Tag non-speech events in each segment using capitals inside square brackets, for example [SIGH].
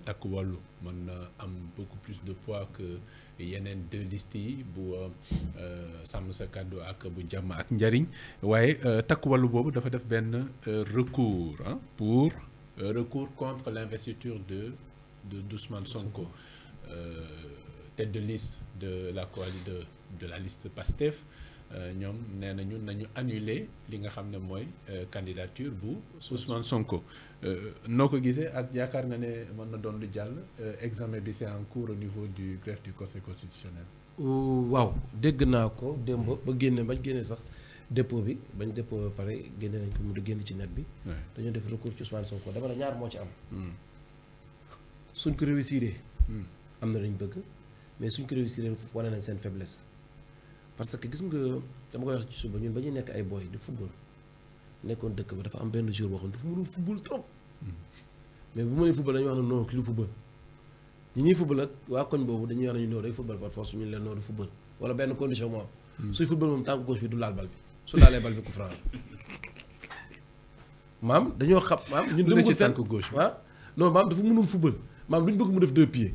takwalu man mën euh, am beaucoup plus de poids que yeneen deux listes yi bu euh, euh, sàmm sa kàddu ak bu jàmm ak njariñ waye takku dafa def recours hein, pour recours contre l'investiture de de d'Ousmane Sonko tête de liste de la coalition de la liste PASTEF euh, ñoom nee nañu nañu annuler li nga xam ne mooy euh, candidature bu Ousmane Sonko euh, noo ko gisee ak yaakaar nga ne mën na doon lu jàll examen bi c'est en cours au niveau du greffe du conseil constitutionnel. waaw dégg naa ko démb ba génne bañ génne sax dépôt bi bañ dépôt ba pare génne nañ ko mu génn ci net bi. dañu def recours ci Ousmane Sonko dama ne ñaar moo ci am. Hmm. suñ ko réussiree. Hmm. am na lañ bëgg mais suñ ko réussiree wane nañ seen faiblesse. parce que gis nga dama koy wax ci suba ñun ba ñuy nekk ay booy di football nekkoon dëkk bi dafa am benn jour boo xam dafa mënul football mais bu mënee football dañuy wax ne non ki du ñuy football ak waa koñ boobu dañuy wax ne ñu non day football par force ñu leen non du football wala benn condition moo hmm. moom tànk gauche bi du laal bal bi su laalee bal maam dañoo xam maam. ñun dama ci tànk gauche ah non maam dafa mënul football maam lu ñu bëgg mu def deux pieds.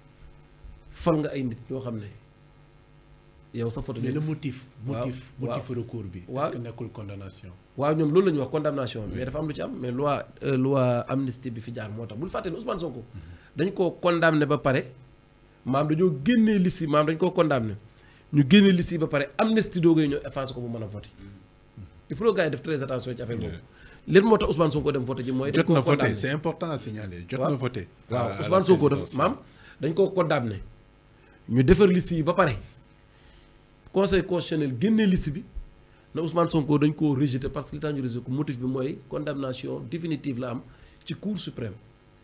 Il nga ay le motif. motif motif recours bi. est-ce que nekkul condamnation. waaw ñoom loolu la wax condamnation mais dafa am lu ci mais loi euh, loi amnistie bi fi jaar moo tax bul Ousmane Sonko. Mhm. dañ koo condamné ba pare maam dañoo génnee maam dañ condamné ñu ba il faut gars très attention ci affaire boobu. nous Ousmane Sonko dem c'est important à signaler jot na voté. Ousmane Sonko dañ ñu defar liste yi ba pare conseil constitutionnel génne liste bi na Ousmane Sonko dañ koo rejeté parce que li tax ko motif bi mooy condamnation définitive la am ci cour suprême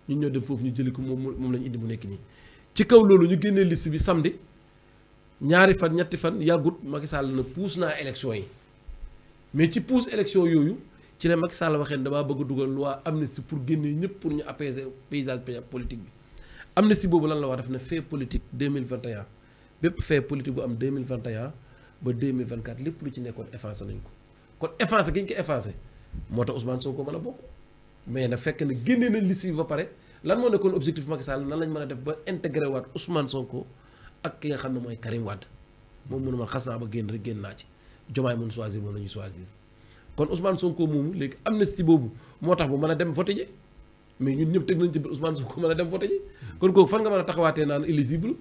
ñu ñoo dem foofu ñu jëli ko moom moom la indi mu nekk nii. ci kaw loolu ñu génnee liste bi samedi ñaari fan ñetti fan yàggut Macky Sall na puus naa élection yi mais ci puus élection yooyu ci la Macky Sall waxee damaa bëgg dugal loi amnistie pour génnee ñëpp pour ñu appésé apaiser paysage politique bi. amnistie boobu lan la wax def na fait politique 2021 bépp fait politique bu am 2021 ba 2024 lépp lu ci nekkoon effacé nañ ko kon effacé gi ñu ko effacé moo tax mais na fekk na liste ba pare lan moo nekkoon objectif Macky Sall nan lañ mën a def ba intégré waat Ousmane Sonko ki nga xam ne mooy Karim Wade moom mënuma xas naa ba génn rek génn naa ci jomaay mun choisir moom la ñuy choisir kon Ousmane Sonko moomu léegi amnistie boobu moo tax bu mën a dem voté mais ñun ñëpp teg nañ ci biir Ousmane Sonko mën a dem vote ji kon kooku fan nga mën a taxawaatee naan éligible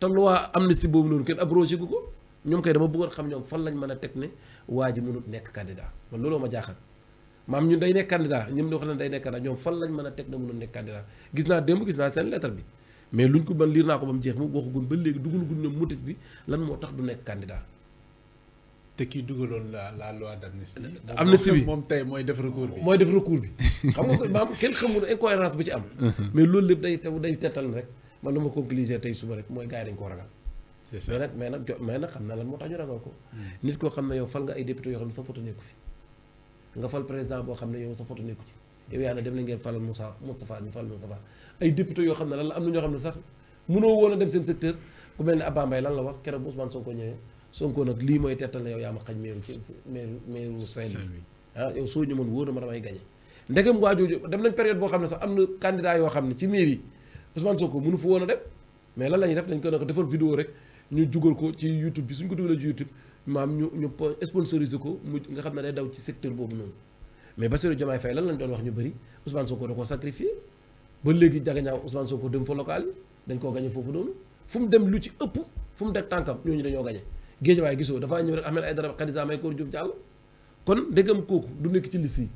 te loi amnistie boobu noonu kenn abrogé gu ko ñoom kay dama bëggoon xam ñoom fan lañ mën a teg ne waa ji mënut nekk candidat man looloo ma jaaxal maam ñun day nekk candidat ñoom ñoo xam ne day nekk candidat ñoom fan lañ mën a teg ne mënul nekk candidat gis naa démb gis naa seen lettre bi mais luñ ko ban liir naa ko ba mu jeex mu waxagun ba léegi dugal gun ñoom motif bi lan moo tax du nekk candidat te kii dugaloon la la loi d'amnistie. amnistie bi moom tey mooy def recours bi. mooy def recours bi xam nga maam kenn xamul incohérence bu ci am. [LAUGHS] mais loolu lépp day taw day rek man lu ma conclure tey suba rek mooy gars yi dañu ragal. mais na lan moo hmm. nekku fi nga fal président boo xam ne yow sa photo nekku ci. yow yaa ne dem na ngeen falal Moussa Moustapha ñu fal Moustapha ay député yoo xam ne lan la am na ñoo xam ne sax mënoo woon a dem seen secteur Sonko nag lii mooy tettal na yow yaa ma xaj meeru ci meeru meeru Saint-Louis ah yow soo ñëwoon wóor na ma damay gañe ndegem waa jooju dem nañ période boo xam ne sax am na candidat yoo xam ne ci mairie yi Ousmane Sonko mënu fa woon a dem mais lan la ñuy def dañ ko nag defal vidéo rek ñu jugal ko ci YouTube bi suñ ko dugalee ci YouTube maam ñu ñu sponsorisé ko mu nga xam ne day daw ci secteur boobu noonu mais Bassirou Diomaye Faye lan lañ doon wax ñu bëri Ousmane Sonko da koo sacrifié ba léegi jagañaaw Ousmane Sonko dem fa local yi dañ koo gañe foofu noonu fu mu dem lu ci ëpp fu mu deg tànkam ñooñu dañoo gañe géejawaay gisoo dafa ñëw rek Ahmed Aïdara Khadija Mahécor Diouf jàll kon ndegam kooku du nekk ci liste yi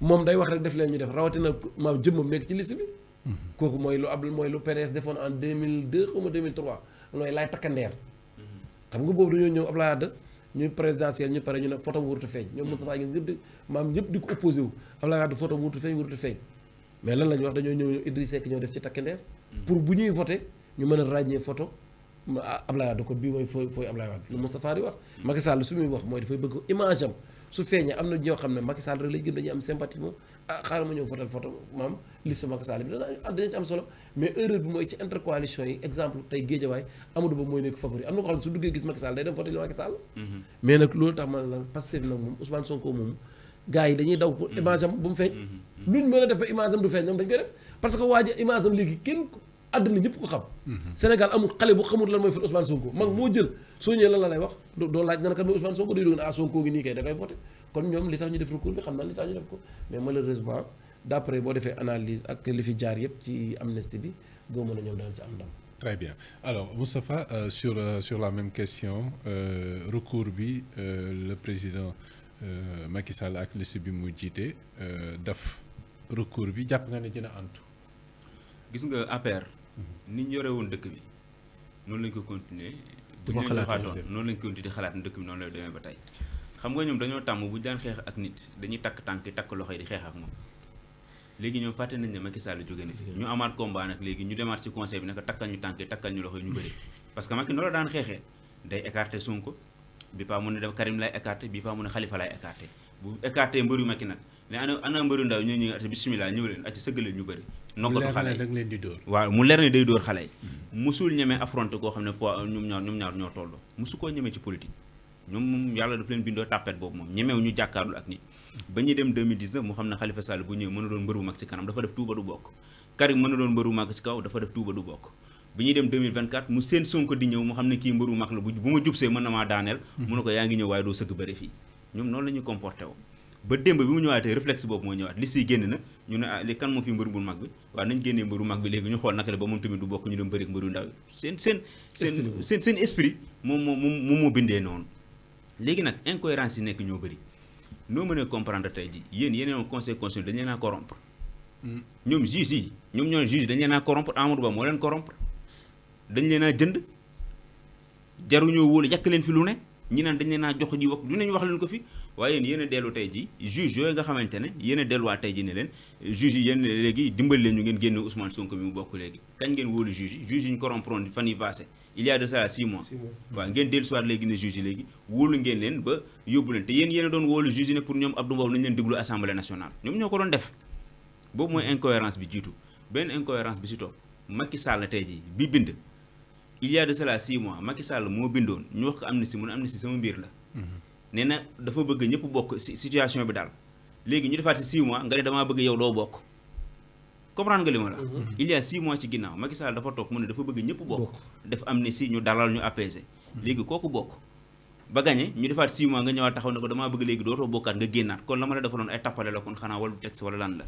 moom day wax rek def leen ñu def rawatina maam jëmmam nekk ci liste bi mhm. kooku mooy lu abdul mooy lu PDS defoon en 2002 xaw ma 2003 mooy laay takkandeer mhm. xam nga boobu dañoo ñëw Abdoulaye Wade ñuy présidentiel ñu pare ñu ne photo wurtu feeñ ñoom mhm. Moustapha Guèye ñëpp di maam ñëpp di ko opposé wu Abdoulaye Wade photo wurtu feeñ wurtu feeñ mais lan lañ wax dañoo ñëw Idriss Seck ñëw def ci takkandeer pour bu ñuy voté ñu mën a ràññee photo Ah, Ablaye Wade kon bii mooy fooy fooy Ablaye Wade lu Moustapha di wax Macky su muy wax mooy dafay bëgg image su feeñee am na ñoo xam ne Macky rek lay gën am ah, ma ah, solo mais erreur bi mooy nekk favori am na ko xam ne su duggee gis Macky day dem fotal Macky Sall mhm. mais nag loolu tax ma ne nag moom Ousmane Sonko moom gars yi dañuy daw ko mhm. bu mu feeñ mhm. luñ mën a def ba image du feeñ ñoom dañ koy def parce que waa ji image am léegi kenn aduna ñëpp ko xam. Sénégal amul xalé bu xamul lan moy fët Ousmane Sonko mag mo jël soñé ñëwee lan la lay wax do laaj na kan Ousmane Sonko day doon a ah, Sonko gi ni kay da kay voté kon ñom li tax ñu def recours bi xam naa li tax ñu def ko mais malheureusement d'après bo défé analyse ak li fi jaar yëpp ci amnistie bi goo mën ñom ñoom daan ci am ndam. Très bien. Alors, Moustapha, euh, sur, euh, sur la même question, euh, recours bi, euh, le président euh, Macky Sall ak liste bi mu jité euh, daf recours bi japp nga ne dina antu. gis nga APR. Mhm. ni ñu yore woon dëkk bi noonu lañ ko continuer bu ñu joxaatoon noonu lañ continuer di xalaat ne dëkk bi noonu lay demee ba tey xam nga ñoom dañoo tàmm bu ñu daan xeex ak nit dañuy takk tànk yi takk loxo yi di xeex ak moom léegi ñoom fàtte nañ ne Macky Sall jóge na ñu amaat combat léegi ñu demaat ci conseil bi naka ñu tànk yi takkal ñu loxo yi ñu bëri [LAUGHS] parce que Macky noonu la daan xeexee day écarté Sonko bi paa mun ne def Karim lay écarté bi paa ne Khalifa lay écarté bu écarté mbëru mag yi nag mais ana ana mbëru ndaw ñoo ñëw ati bismillah ñëw leen ati hmm. koo xam ne poids ñoom ñaar ñoom ñaar ñoo tolloo musu ci bindoo tàppet boobu moom ñemew ñu jàkkaarlu ak a doon mbër bu mag ci kanam dafa def tuuba du bokk Karim mën a doon mbër bu mag ci kaw dafa def tuuba du bokk bi ñuy dem 2024 mu seen Sonko di ñëw mu xam ne kii mbër bu mag la bu ma jubsee mën na maa daaneel hmm. mu ne ko yaa ngi ñëw waaye doo sëgg bëri fii ñoom noonu la ñuy comporté woo ba démb bi mu ñëwaatee réflexe boobu mooy ñëwaat li yi génn na ñu ne ah li kan moo fi mbër bu mag bi waaw nañ génnee mbëru mag bi léegi ñu xool naka la ba moom tamit du bokk ñu dem bëri ak mbëru ndaw yi seen seen seen seen esprit moom moo moom moo bindee noonu léegi nag incohérence yi nekk ñoo bëri noo mënee comprendre tey ji yéen yeneen conséquence constitutionnel dañu leen a corrompre hmm. ñoom juge yi ñoom ñoo juge dañu leen a corrompre Amadou Ba moo leen dañ leen a jënd jaruñoo wóolu leen fi lu ne ñi naan dañ leen naa jox ji wax lu nañu wax leen ko fi waaye yéen yéen a dellu tey ji juge yooyu nga xamante ne yéen a tey ji ne leen juge yi yéen léegi dimbali leen ñu ngeen génne Ousmane Sonko mi mu bokk léegi kañ ngeen wóolu juge yi juge yi ñu corrompre fan yi passé il y de ça six mois waaw ngeen dellu léegi ne juge yi léegi wóolu ngeen leen ba yóbbu leen te yéen yéen doon wóolu juge yi ne pour ñoom Abdou Mbow nañu leen déglu assemblée nationale ñoom ñoo ko doon def boobu mooy incohérence bi jiitu benn incohérence bi si topp Macky Sall tey ji bi bind il y a de cela six mois Macky moo bindoon ñu wax ko amnistie mun amnistie sama mbir la. Mhm. nee na dafa bëgg ñëpp bokk si bi daal léegi ñu defaat si six mois nga ne bëgg yow doo bokk comprendre li mhm. a six mois ci ginnaaw Macky Sall dafa toog mu ne dafa bëgg ñëpp bokk. def amnistie ñu dalal ñu apaiser. Mhm. léegi kooku bokk. ba gagné ñu defaat 6 mois nga ñëwaat taxaw ne ko damaa bëgg léegi dootoo bokkaat nga génnaat kon la la defaloon ay tappale la kon xanaa wala texte wala lan la.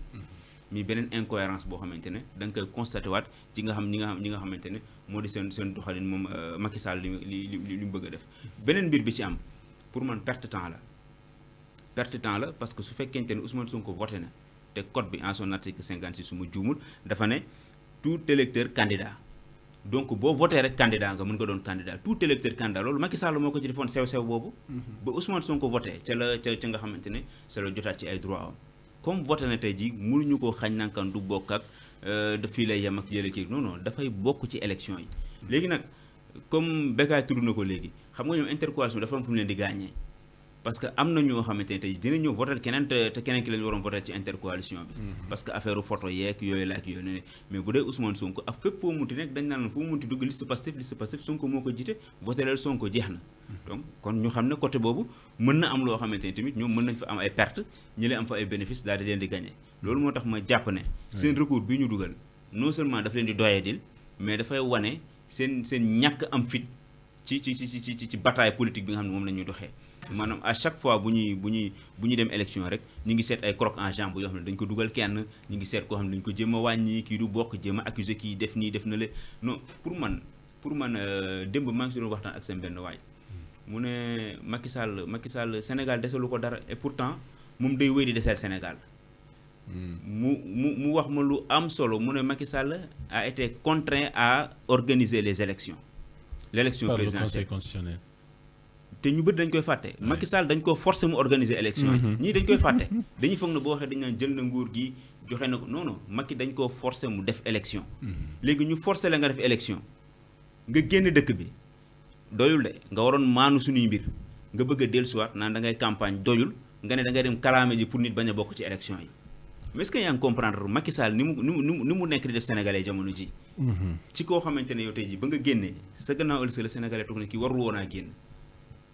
mi beneen incohérence boo xamante ne da nga koy constaté waat ci nga xam ñi nga xam ñi nga xamante ne moo di seen seen doxalin moom euh, Macky Sall li li li mu bëgg a def beneen mbir bi ci am pour man perte temps la perte temps la parce que su fekkente ne Ousmane Sonko voté na te code bi en son article 56 su ma juumul dafa ne tout électeur candidat donc boo voté rek candidat nga mën nga doon tout électeur candidat loolu Macky Sall moo ko ci defoon sew sew boobu mm-hmm. ba Ousmane la nga xamante ne ca la jotaat ci ay droit am comme voté na tey jii mënuñu koo xañ nankan du bokk ak euh, fi lay yem ak jële ci non non dafay bokk ci élection yi léegi nag comme Bécaye tudd na ko léegi xam nga ñoom intercoalition dafa am fu mu leen di gaañee parce que am na ñoo xamante ne tey dinañu voté keneen te te keneen ki lañu waroon voté ci intercoalition bi. Mm-hmm. parce que affaire photo yeeg yooyu la ak yooyu ne mais bu dee Ousmane Sonko ko jiite mm-hmm. xam ne côté boobu mën am loo xamante ne tamit ñoo mën nañ fa am ay perte ñi leen am fa ay bénéfice daal leen di gagné. loolu moo tax ma jàpp ne. seen recours bi ñu dugal non seulement daf leen di doyadil mais dafay wane seen seen ñàkk am fit ci ci ci ci ci bataille politique bi nga xam ne moom la ñuy doxee manam à chaque fois bu ñuy bu dem élection rek ñi ngi sét ay croque en jambe yoo xam ne dañ ko duggal kenn ñi ngi sét ko xam dañ ko jéem a wàññi kii du bokk jéem a accuser kii def ni def na le non pour man pour man euh, démb maa ngi si waxtan ak seen benn way mu né Macky Sall Macky Sall Sénégal déssalu ko dara et pourtant moom day wéy di desal Sénégal hmm. mu mu wax ma lu am solo mu né Macky Sall a été contraint à organiser les élections l'élection présidentielle te ñu bëri dañ koy fàtte Macky saal dañ ko forcé mu organiser élection yi mm-hmm. ñii dañ koy fàtte dañuy foog ne boo waxee dañ naan jël na nguur gi joxe na ko noonu non Macky dañ koo forcé mu def élection mm-hmm. léegi ñu forcé la nga def élection nga génn dëkk bi doyul de nga waroon maanu suñuy mbir nga bëgg a dellusiwaat naan da ngay campagne doyul nga ne da ngay dem kalaame ji pour nit bañ a bokk ci élection yi mais est-ce que yaa ngi comprendre Macky Sall ni mu ni mu ni mu nekk di def sénégalais ji mm-hmm. ci koo xamante ne yow tey ba nga génnee sa gannaaw ëllëg la sénégalais toog ne kii warul a génn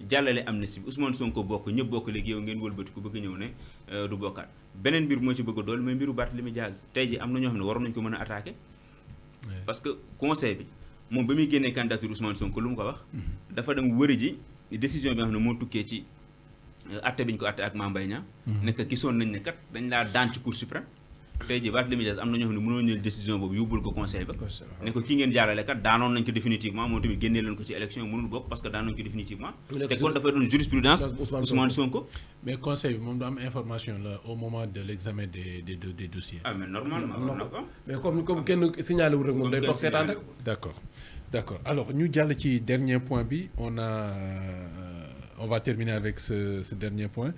jàllale amnistie bi Ousmane Sonko bokk ñëpp bokk léegi yow ngeen wëlbatiku bëgg ñëw ne euh, du bokkaat beneen mbir moo ci bëgg a dool mais mbiru Barthélémy Dias tey ji am na ñoo xam ne waroon nañu ko mën a attaqué parce que conseil bi moom ba muy génnee candidature Ousmane Sonko lu mu ko wax mm-hmm. dafa dem wëri ji décision bi xam ne moo tukkee ci euh, atte bi ñu ko atte ak Mame Mbaye Niang mm-hmm. gisoon nañ ne kat dañ laa daan ci cour suprême tey jii ba at limi des am na ñoo mënoo ñëw décision bobu yóbbul ko conseil ba ne ko ki ngeen jaarale kat daanon nañ ko définitivement mo tamit génnee lañ ko ci élection yi mënul bokk parce que daanon nañ ko définitivement te kon dafa doon jurisprudence Ousmane Sonko mais conseil bi moom du am information la au moment de l'examen examen des des des dossiers ah mais normalement war na ko mais comme comme kenn signaler wul rek mom day toog seetaan rek d'accord accord alors ñu jàll ci dernier point bi on a euh, on va terminer avec ce, ce dernier point.